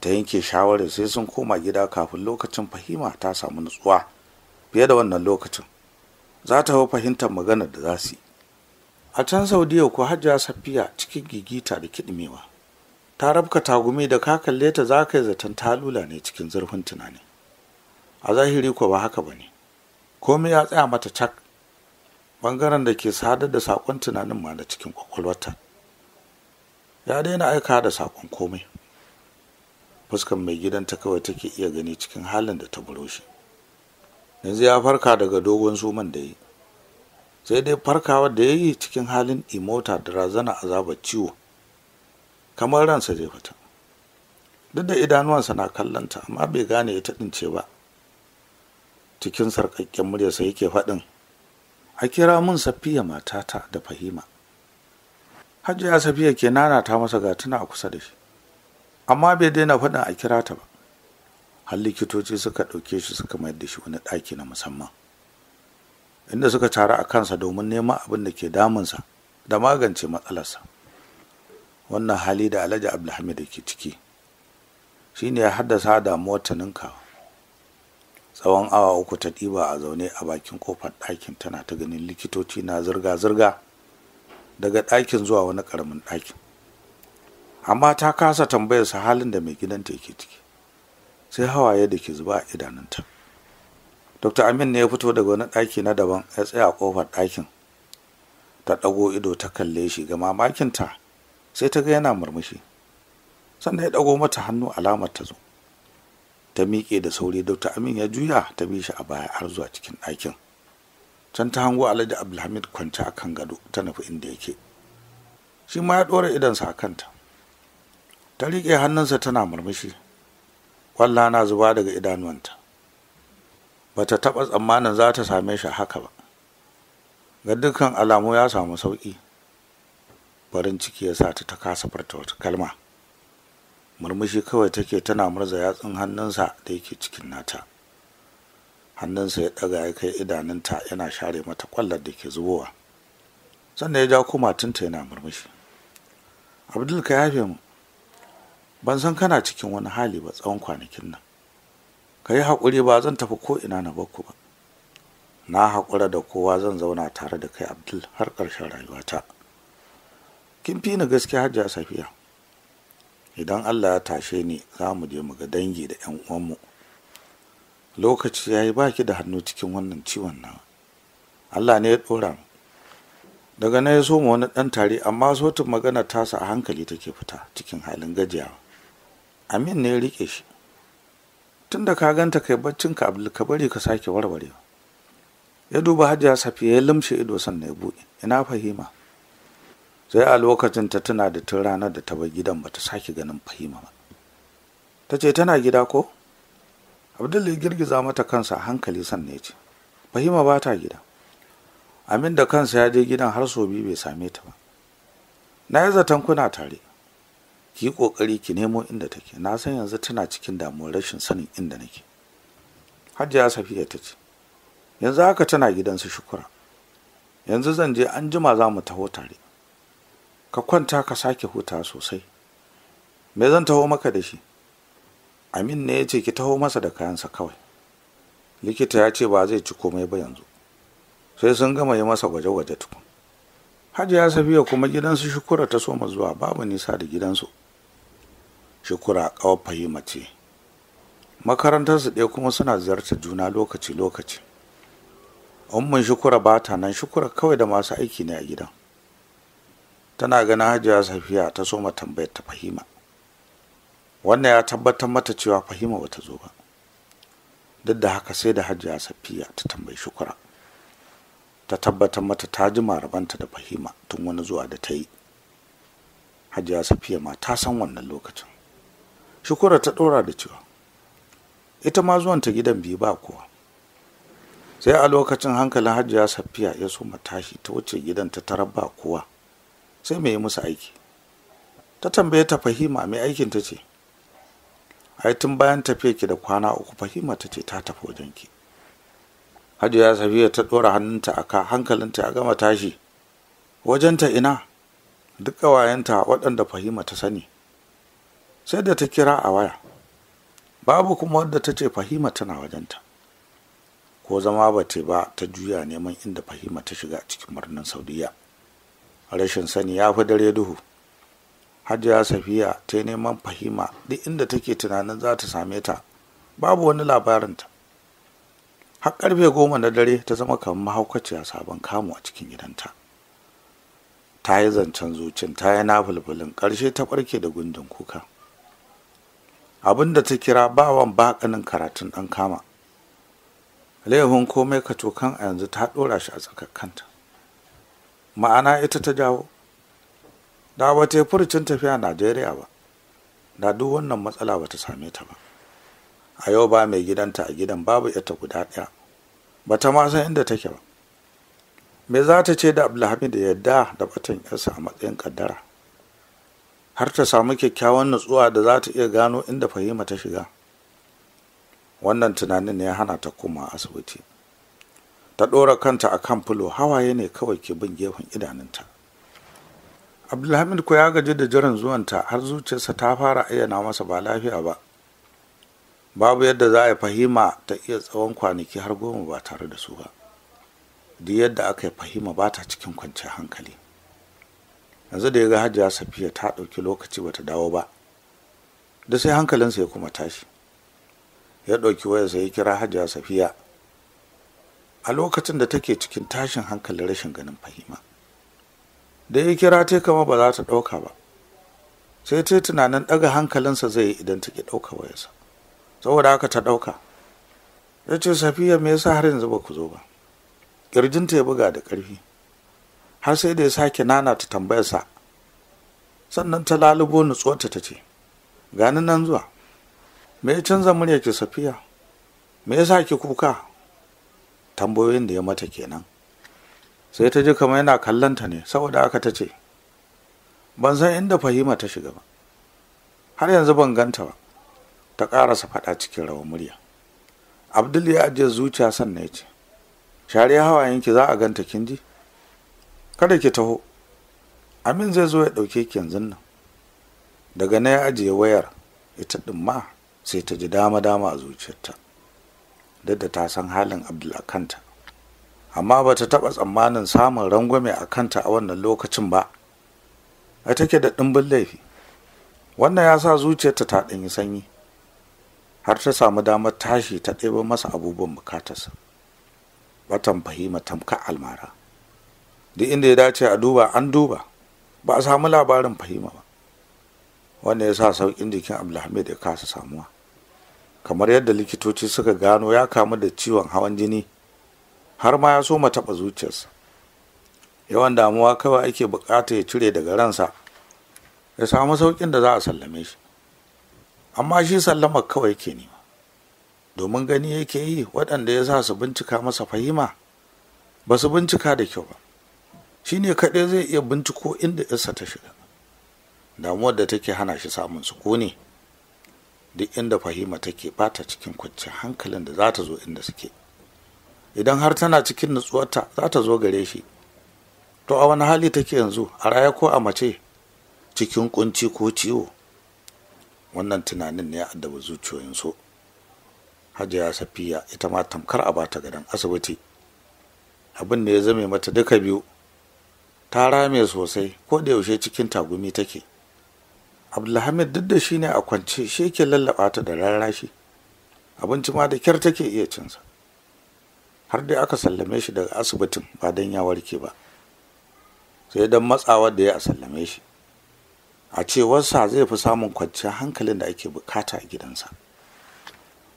ta yanke shawarar sai sun koma gida kafin lokacin fahima ta samu nutsuwa fiye da wannan lokacin za ta hau fahimtar maganar da za su yi a can saudiya ko hajjia safiya cikin gigita da kiɗimewa ta rabka tagumi da ka kalle ta za ka yi zaton talula ne cikin zurfin tunani a zahiri ko ba haka ba ne komai ya tsaya mata cak bangaren da ke sadar da saƙon tunanin ma da cikin kwakwalwarta ya daina aika da saƙon komai fuskar mai gidanta kawai take iya gani cikin halin da ta buro shi yanzu ya farka daga dogon zuman da yi sai dai farkawa da ya yi cikin halin imota da razana azabar ciwo kamar ransa zai fita duk da idanuwansa na kallonta amma bai gane ya ɗin ce ba cikin sarƙaƙƙen muryarsa yake faɗin a kira mun safiya matata da fahima hajiya safiya ke nanata masa gatuna a kusa da shi amma bai daina faɗin a kira ta ba har likitoci suka ɗauke shi suka mayar da shi wani ɗaki na musamman inda suka taru a kansa domin neman abin da ke damunsa da magance matsalarsa wannan hali da alhaji abdulhamid da ke ciki shine ya haddasa damuwar ta ninka tsawon awa uku ta ɗiba a zaune a bakin kofar ɗakin tana ta ganin likitoci na zirga-zirga daga ɗakin zuwa wani ƙaramin ɗakin amma ta kasa tambayar tambayarsa halin da mai gidan ta yake ciki sai hawaye da ke zuba a idanunta dr amin ne ya fito daga wani ɗaki na daban ya tsaya a ƙofar ɗakin ta ɗago ido ta kalle shi ga mamakinta sai ta ga yana murmushi sannan ya ɗago mata hannu alamar ta zo ta miƙe da sauri dr amin ya juya ta bi shi a baya har zuwa cikin ɗakin can ta hango alhaji abdulhamid kwance a kan gado ta nufi inda yake shi ma ya ɗora idansa a kanta ta riƙe hannunsa tana murmushi kwalla na zuba daga idanuwanta ba ta taɓa tsammanin za ta same shi haka ba ga dukkan alamu ya samu sauƙi barin ciki ya sa ta ta kasa farta wata kalma murmushi kawai take tana murza yatsun hannunsa da yake cikin nata hannunsa ya ɗaga ya kai idanunta yana share mata kwallar da ke zubowa sannan ya ja kuma kumatunta yana murmushi abdul ka yafe mu ban san kana cikin wani hali ba tsawon kwanakin nan ka yi haƙuri ba zan tafi ko ina na bakku ba na haƙura da kowa zan zauna tare da kai abdul har ƙarshen rayuwata kin fi ni gaskiya a safiya idan allah ya tashe ni za mu je mu ga dangi da yan uwanmu lokaci ya yi baki da hannu cikin wannan ciwon na allah ne ya ɗora daga na ya soma wani ɗan tare amma sotin magana tasa a hankali take fita cikin halin gajiyawa amin ne ya rike shi tun da ka ganta kai ka abdul ka bari ka sake warwarewa ya duba hajiya safiya ya limshe ido sannan ya buɗe ina fahima sai a lokacin ta tuna da tun ranar da ta bar gidan ba ta sake ganin fahima ba ta ce tana gida ko abdul ya girgiza mata kansa a hankali sannan ya ce fahima ba ta gida amin da kansa ya je gidan har sau bai same ta ba na yi zaton kuna tare ki yi ƙoƙari ki nemo inda take na san yanzu tana cikin damuwar rashin sanin inda nake hajiya safiya ta ce yanzu haka tana gidan su shukura yanzu zan je an jima za mu taho tare ka kwanta ka sake huta sosai me zan taho maka da shi amin ne ya ce ki taho masa da kayansa kawai likita ya ce ba zai ci komai ba yanzu sai sun gama yi masa gwaje-gwaje tukun hajiya safiya kuma gidansu shukura ta soma zuwa babu nisa da gidansu shukura ƙawar fahima ce makarantarsu ɗaya kuma suna ziyartar juna lokaci-lokaci ummin shukura ba ta nan shukura kawai da masu aiki ne a gidan tana ganin hajiya safiya ta soma tambayar ta fahima wannan ya tabbatar mata cewa fahima bata zo ba duk da haka sai da hajiya safiya ta tambayi shukura ta tabbatar mata ta ji marabanta da fahima tun wani zuwa da ta yi hajiya safiya ma ta san wannan lokacin shukura ta ɗora da cewa ita ma zuwan ta gidan biyu ba kowa sai a lokacin hankalin hajiya safiya ya so tashi ta wuce gidan ta tara ba kowa sai mai musu aiki ta tambaye ta fahima mai aikin ta ce ai tun bayan tafiya ki da kwana uku fahima ta ce ta tafi wajen ki hajiya safiya ta ɗora hannunta a ka hankalinta ya gama tashi wajenta ina duk ƙawayenta waɗanda fahima ta sani sai da ta kira a waya babu kuma wadda ta ce fahima tana wajenta ko zama ba ta ba ta juya neman inda fahima ta shiga cikin birnin saudiya rashin sani ya fi dare duhu hajiya safiya ta yi neman fahima duk inda take tunanin za ta same ta babu wani labarinta har karfe goma na dare ta zama kamar mahaukaciya sabon kamu a cikin gidanta ta yi zancen zucin ta yi na fulfulin ƙarshe ta ɓarke da gundun kuka abinda ta kira bawan bakanin karatun ɗan kama laihun komai ka tokan a yanzu ta dora shi a tsakar kanta ma'ana ita ta jawo da ba ta yi furucin tafiya najeriya ba da duk wannan matsala ba ta same ta ba a yau ba mai gidanta a gidan babu ita guda ɗaya ba ta ma san inda take ba me za ta ce da abdulhamid ya yarda da batun yarsa a matsayin kaddara har ta samu kyakkyawan nutsuwa da za ta iya gano inda fahima ta shiga wannan tunanin ne ya hana ta koma asibiti ta ɗora kanta a kan fulo hawaye ne kawai ke bin gefen idanunta abdulhamid ko ya gaji da jiran zuwanta har zuciyarsa ta fara ayyana masa ba lafiya ba babu yadda za a fahima ta iya tsawon kwanaki har goma ba tare da su ba duk yadda aka yi fahima ba ta cikin kwanciyar hankali yanzu da ya ga hajiya safiya ta ɗauki lokaci bata dawo ba da sai hankalinsa ya kuma tashi ya ɗauki wayarsa ya kira hajiya safiya a lokacin da take cikin tashin hankalin rashin ganin fahima da ya kira ta kama ba za ta ɗauka ba sai ta tunanin ɗaga hankalinsa zai yi idan take ɗauka wayarsa saboda haka ta ɗauka ya ce safiya me yasa har yanzu ba ku zo ba ƙirjinta ya buga da ƙarfi har sai da ya sake nana ta sa. sannan ta lalubo nutsuwarta ta ce gani nan zuwa me ya canza murya ki safiya me ya sa ki kuka tambayoyin da ya mata kenan sai ta ji kamar yana kallonta ne saboda aka ta ce ban san inda fahima ta shiga ba har yanzu ban ganta ba ta ƙarasa faɗa cikin rawa murya abdul ya ajiye zuciya sannan ya ce shari'a hawayenki za a ganta kin ji kada ki taho amin zai zo ya ɗauke ki yanzu nan daga na ya ajiye wayar ita ɗin ma sai ta ji dama-dama a zuciyarta duk da ta san halin abdul a kanta amma ba ta taɓa tsammanin samun rangwame a kanta a wannan lokacin ba ai take da ɗimbin laifi wannan ya sa zuciyarta ta ɗanyi sanyi har ta samu damar tashi ta ɗebo masa abubuwan bukatarsa watan fahima tamka almara duk inda ya dace a duba an duba ba a samu labarin fahima ba wanda ya sa sauƙin jikin abdulhamid ya kasa samuwa kamar yadda likitoci suka gano ya kamu da ciwon hawan jini har ma ya so taɓa zuciyarsa yawan damuwa kawai ake bukata ya cire daga ransa ya samu saukin da za a sallame shi amma shi sallamar kawai ke nema domin gani yake yi waɗanda ya sa su bincika masa fahima ba su bincika da kyau ba shi ne kaɗai zai iya binciko inda yarsa ta shiga damuwar da take hana shi samun ne? duk inda fahima take bata cikin kwanciyar hankalin da za ta zo inda suke idan har tana cikin nutsuwarta za ta zo gare shi to a wani hali take yanzu a raya ko a mace cikin kunci ko ciwo wannan tunanin ne ya addaba zuciyoyinsu hajiya safiya ita ma tamkar a bata gadon asibiti abin da ya zame mata duka biyu ta rame sosai ko da yaushe cikin tagumi take abdulhamid duk da shi ne a kwance shi yake lallaba ta da rarrashi abinci ma da kyar take iya cinsa har dai aka sallame shi daga asibitin ba don ya warke ba sai dan matsawa da ya sallame shi a cewarsa zai fi samun kwanciyar hankalin da ake bukata a gidansa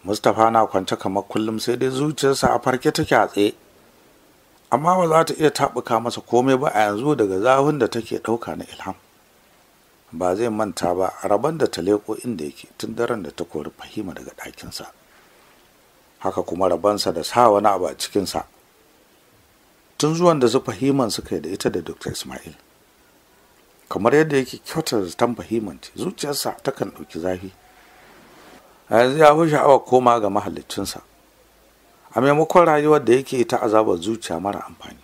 mustapha na kwance kamar kullum sai dai zuciyarsa a farke take a tsaye amma ba za ta iya taɓuka masa komai ba a yanzu daga zafin da take ɗauka na ilham ba zai manta ba rabon da ta leko inda yake tun daren da ta kori fahima daga ɗakinsa haka kuma rabonsa da sa wani abu a cikinsa tun zuwan da su fahiman suka yi da ita da dr ismail kamar yadda yake kyautar zaton fahiman zuciyarsa takan ɗauki zafi a yanzu ya fi sha'awar koma ga mahallicinsa a maimakon rayuwar da yake ta azabar zuciya mara amfani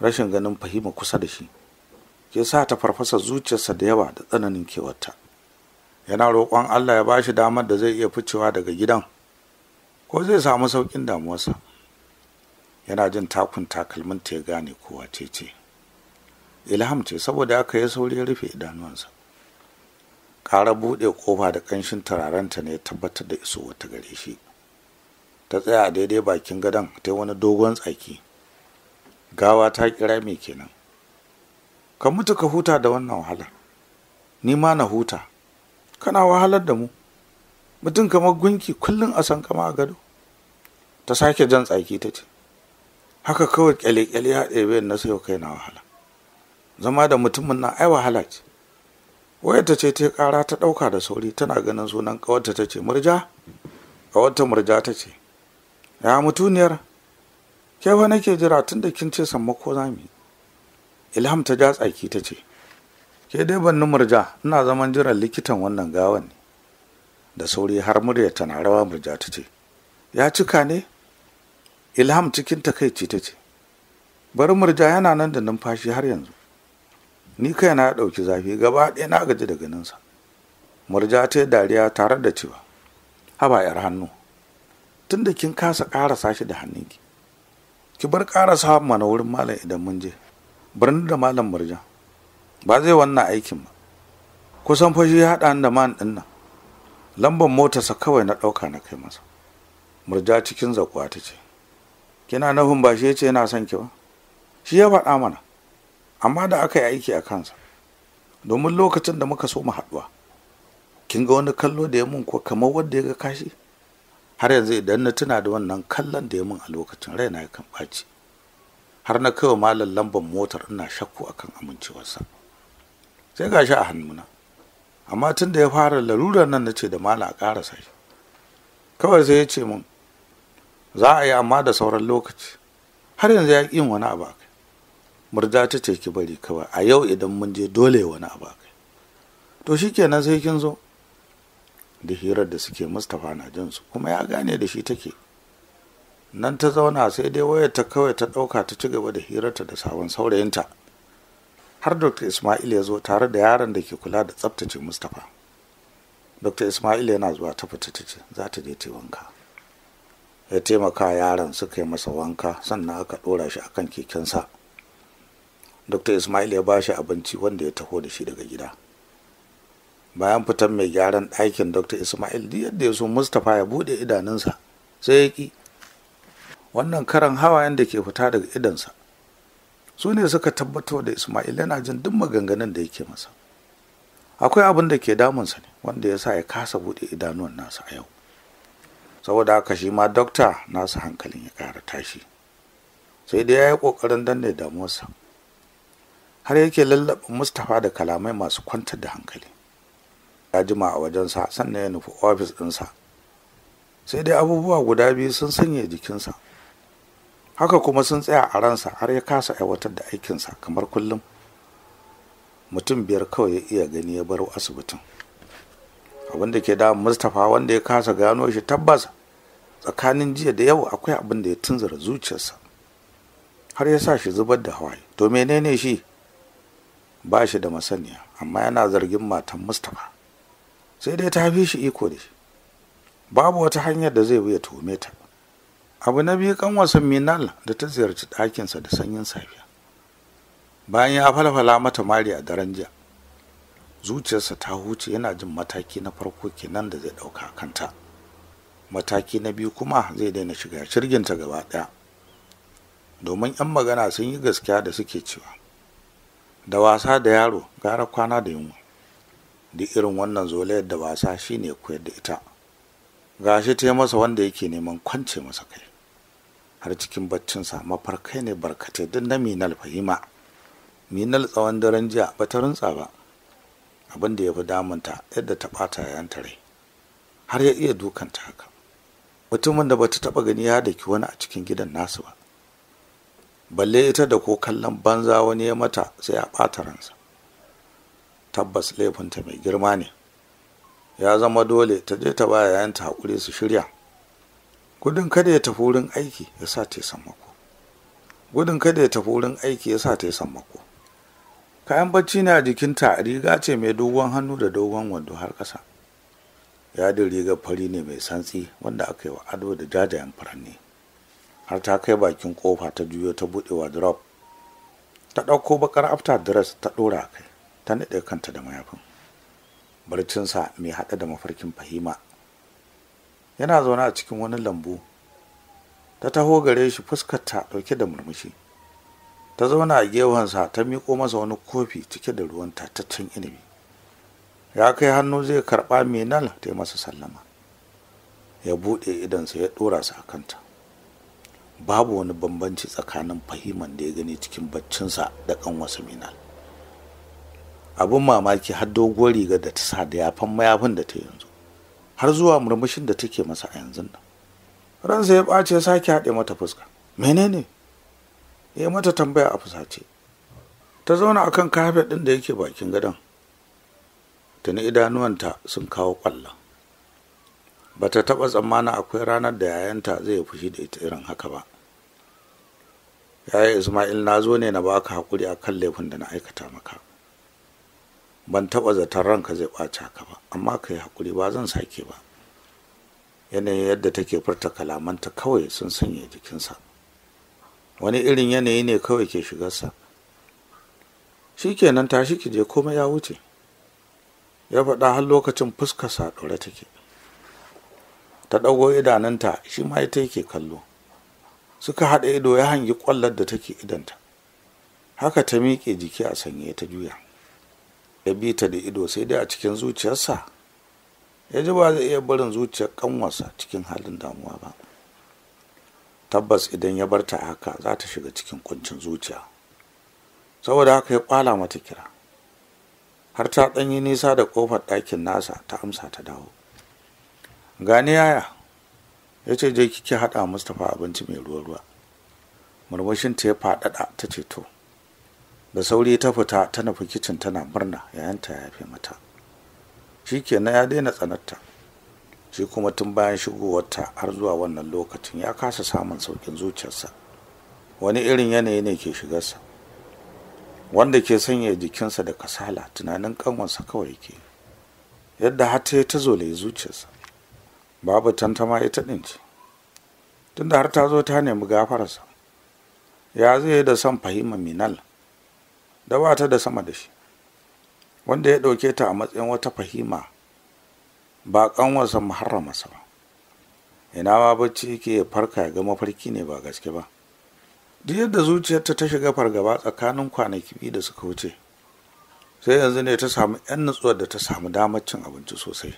rashin ganin fahima kusa da shi ke sa ta farfasa zuciyarsa da yawa da tsananin kewarta yana roƙon allah ya ba shi damar da zai iya ficewa daga gidan ko zai samu sauƙin damuwarsa yana jin takun takalminta ya gane kowa ce ce ilham ce saboda aka yi sauri ya rufe idanuwansa ƙara buɗe ƙofa da ƙanshin turarenta ne ya tabbatar da iso wata gare shi ta tsaya a daidai bakin gadon ta wani dogon tsaki gawa ta kira me kenan ka mutu ka huta da wannan wahala ni ma na huta kana wahalar da mu mutum kamar gunki kullum a san kama a gado ta sake jan tsaki ta ce haka kawai kyale-kyale ya ɗebe na sayo kai na wahala zama da mutumin na ai wahala ce ta ce ta kara ta ɗauka da sauri tana ganin sunan ƙawarta ta ce murja ƙawarta murja ta ce ya mutuniyar ke fa nake jira tun da kin ce sammako za mu ilham ta ja tsaki ta ce ke dai ban murja ina zaman jiran likitan wannan gawan ne da sauri har murya tana rawa murja ta ce ya cika ne ilham cikin takaici ta ce bari murja yana nan da numfashi har yanzu ni kai na ɗauki zafi gaba ɗaya na gaji da ganinsa murja ta yi dariya tare da cewa haba yar hannu tun da kin kasa ƙarasa shi da hannunki ki bar ƙarasa mana wurin malam idan mun je birni da malam murja ba zai wannan aikin ba kusan fashi ya haɗa da man ɗin nan lambar motarsa kawai na ɗauka na kai masa murja cikin zakuwa ta ce kina nufin ba shi ya ce yana son ki ba shi ya faɗa mana amma da aka yi aiki a kansa domin lokacin da muka so mu haɗuwa kin ga wani kallo da ya mun ko kamar wanda ya ga kashi har yanzu idan na tuna da wannan kallon da ya min a lokacin raina ya kan ɓaci har na kaiwa malam lambar motar ina shakku akan amincewarsa sai gashi a hannuna amma tun da ya fara larurar nan na ce da malam a ƙarasa shi kawai sai ya ce min za a yi amma da sauran lokaci har yanzu ya ƙin wani abu akai murja ta ce ki bari kawai a yau idan mun je dole wani abu akai to shikenan sai kin zo da hirar da suke mustapha na jinsu kuma ya gane da shi take nan ta zauna sai dai wayar ta kawai ta ɗauka ta ci gaba da hirarta da sabon saurayinta har dr ismail ya zo tare da yaron da ke kula da tsabtace mustapha dr ismail yana zuwa ta fita ta ce za ta je ta wanka ya taimaka yaron suka yi masa wanka sannan aka ɗora shi akan kekensa dr ismail ya ba shi abinci wanda ya taho da shi daga gida bayan fitan mai gyaran ɗakin dr ismail duk yadda ya so mustapha ya buɗe idanunsa sai ya ƙi wannan karan hawayen da ke fita daga idansa su ne suka tabbatar da ismail yana jin duk maganganun da yake masa akwai abin da ke damunsa ne wanda ya sa ya kasa buɗe idanuwan nasa a yau saboda haka shi ma dokta nasa hankalin ya ƙara tashi sai dai ya yi ƙoƙarin danne damuwarsa har yake lallaɓa mustapha da kalamai masu kwantar da hankali ya jima a wajensa sannan ya nufi ofis ɗinsa sai dai abubuwa guda biyu sun sanya jikinsa haka kuma sun tsaya a ransa har ya kasa aiwatar da aikinsa kamar kullum mutum biyar kawai ya iya gani ya baro asibitin abin da ke da mustapha wanda ya kasa gano shi tabbas tsakanin jiya da yau akwai abin da ya tunzura zuciyarsa har ya sa shi zubar da hawaye to menene shi ba shi da masaniya amma yana zargin matan mustapha sai dai ta fi shi iko da shi babu wata hanyar da zai wuya tuhume ta abu na biyu wasan minal da ta ziyarci ɗakinsa da sanyin safiya bayan ya falfala mata mari a daren jiya zuciyarsa ta huce yana jin mataki na farko kenan da zai ɗauka kanta mataki na biyu kuma zai daina shiga shirginta gaba ɗaya domin 'yan magana sun yi gaskiya da suke cewa da wasa da yaro gara kwana da yunwa da irin wannan zolayar da wasa shi ne koyar da ita ga shi ta masa wanda yake neman kwance masa kai har cikin baccinsa mafarkai ne barkatai don na minal fahima minal tsawon daren jiya ba ta rintsa ba Abinda da ya fi damunta yadda ta ɓata yayan rai har ya iya dukanta haka mutumin da bata taɓa gani ya daki wani a cikin gidan nasu ba balle ita da ko kallon banza wani ya mata sai a ɓata ransa tabbas laifinta mai girma ne ya zama dole ta je ta ba yayanta hakuri su shirya gudun kada ya tafi wurin aiki ya sa ta sammako gudun kada ya tafi wurin aiki ya sa ta sammako kayan bacci na jikinta riga ce mai dogon hannu da dogon wando har ƙasa yadin rigar fari ne mai santsi wanda aka yi wa ado da jajayen furanni har ta kai bakin kofa ta juyo ta buɗe drop ta ɗauko bakar after dress ta ɗora kai ta naɗe kanta da mayafin barcinsa mai haɗe da mafarkin fahima yana zaune a cikin wani lambu ta taho gare shi fuskarta ɗauke da murmushi ta zauna a gefensa ta miƙo masa wani kofi cike da ruwan tataccen inabi ya kai hannu zai karɓa menal ta yi masa sallama ya buɗe idansa ya ɗora su a kanta babu wani bambanci tsakanin fahiman da ya gani cikin baccinsa da ƙanwasa minal abin mamaki har doguwar rigar da ta sa da yafan mayafin da ta yanzu har zuwa murmushin da take masa a yanzu nan ransa ya ɓace ya sake haɗe mata fuska menene ya mata tambaya a fusace ta zauna akan kafet ɗin da yake bakin gadon tuni idanuwanta sun kawo ƙwallon ba ta taɓa tsammanin akwai ranar da yayanta zai fushi da ita irin haka ba yaya ismail na zo ne na baka hakuri akan laifin da na aikata maka ban taɓa zaton ranka zai ɓaca ka ba amma ka yi haƙuri ba zan sake ba yanayin yadda take furta kalamanta kawai sun sanya jikinsa wani irin yanayi ne kawai ke shigarsa shi kenan tashi ki je komai ya wuce ya faɗa har lokacin fuskarsa ɗore take ta ɗago idananta shi ma ita yake kallo suka haɗa ido ya hangi ƙwallar da take idanta haka ta miƙe jiki a sanye ta juya ya bi ta da ido sai dai a cikin zuciyarsa ya ji ba zai iya barin zuciyar kanwarsa cikin halin damuwa ba tabbas idan ya bar ta haka za ta shiga cikin kuncin zuciya saboda haka ya kwala mata kira har ta ɗanyi nisa da ƙofar ɗakin nasa ta amsa ta dawo gani yaya ya ce je kike haɗa mustapha abinci mai ruwa-ruwa murmushinta ya faɗaɗa ta ce to da sauri ta fita ta nufi kicin tana murna yayanta ya yafe mata shi kenan ya daina tsanarta shi kuma tun bayan shigowarta har zuwa wannan lokacin ya kasa samun saukin zuciyarsa wani irin yanayi ne ke shigarsa wanda ke sanya jikinsa da kasala tunanin kanwansa kawai ke yadda hata ta zolaye zuciyarsa babu tantama ita ɗin ci. tunda har ta zo ta nemi gafararsa ya zai da son fahimar minal da ba ta da sama da shi wanda ya ɗauke ta a matsayin wata fahima ba ƙanwarsa muharramarsa ba ina ma bacci yake farka ya ga mafarki ne ba gaske ba duk yadda zuciyarta ta shiga fargaba tsakanin kwanaki biyu da suka wuce sai yanzu ne ta samu 'yan nutsuwar da ta samu damar cin abinci sosai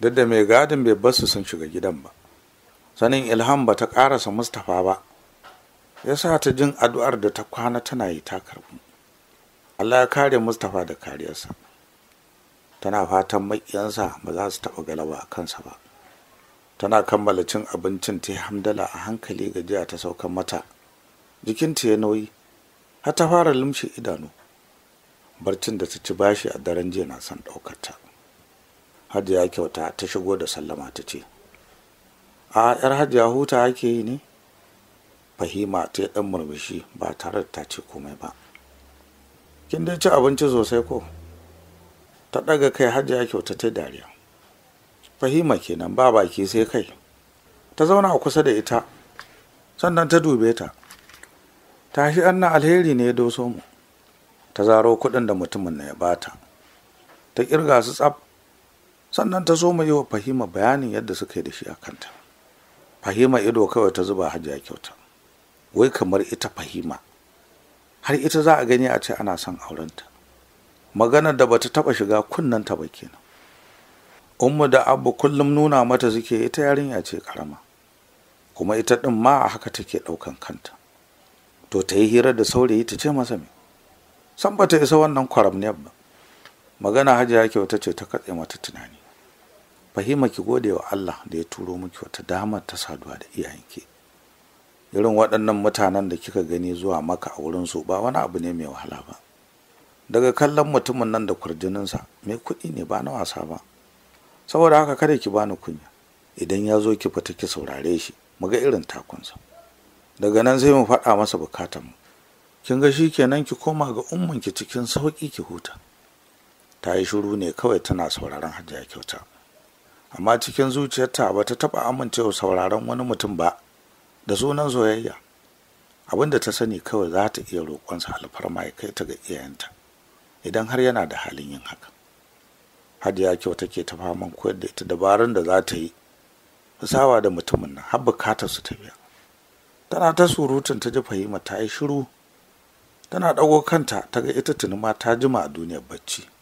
duk da mai gadin bai basu sun shiga gidan ba sanin ilham ba ta ƙarasa mustapha ba ya sa ta jin addu'ar da ta kwana tana yi ta karɓi Allah ya kare Mustapha da kariyarsa tana fatan makiyansa ba za su taɓa galaba a kansa ba tana kammala cin abincin ta hamdala a hankali gajiya ta saukan mata jikinta ya nauyi har ta fara lumshe idanu barcin da ta ci bashi a daren jiya na son ɗaukarta hajiya kyauta ta shigo da sallama ta ce a yar hajiya huta ake yi ne fahima ta yi ɗan murmushi ba tare da ta ce komai ba kin dai ci abinci sosai ko ta ɗaga kai hajiya kyauta ta dariya fahima kenan ba baki sai kai ta zauna a kusa da ita sannan ta dube ta ta tashi anna alheri ne ya doso mu ta zaro kuɗin da mutumin na ya bata ta kirga su tsaf sannan ta so mu yi wa fahima bayanin yadda suka yi da shi a kanta fahima ido kawai ta zuba hajiya kyauta wai kamar ita fahima har ita za a gani a ce ana son aurenta maganar da bata taba shiga ta ba kenan ummu da abu kullum nuna mata suke ita yarinya ce karama kuma ita din ma a haka take daukan kanta to ta yi hira da saurayi ta ce masa me san bata isa wannan kwaramniyar ba magana hajiya kyauta ce ta katse mata tunani fahima ki gode wa Allah da ya turo miki wata damar ta saduwa da iyayenki irin waɗannan mutanen da kika gani zuwa maka a wurinsu ba wani abu ne mai wahala ba daga kallon mutumin nan da kwarjininsa mai kuɗi ne ba na wasa ba saboda haka kada ki bani kunya idan ya zo ki fita ki saurare shi mu ga irin takunsa daga nan sai mu faɗa masa bukatan mu kin ga shi kenan ki koma ga umman ki cikin sauƙi ki huta ta yi shiru ne kawai tana sauraron hajiya kyauta amma cikin zuciyarta ba ta taɓa amincewa sauraron wani mutum ba da sunan soyayya abinda ta sani kawai za ta iya roƙonsa alfarma ya kai ta ga iyayenta idan har yana da halin yin haka hadiya kyau take ta faman koyar da ita dabarun da za ta yi sawa da mutumin nan har bukatar su ta biya tana ta surutun ta ji fahima ta yi shiru tana ɗago kanta ta ga ita tuni ma ta jima a duniyar bacci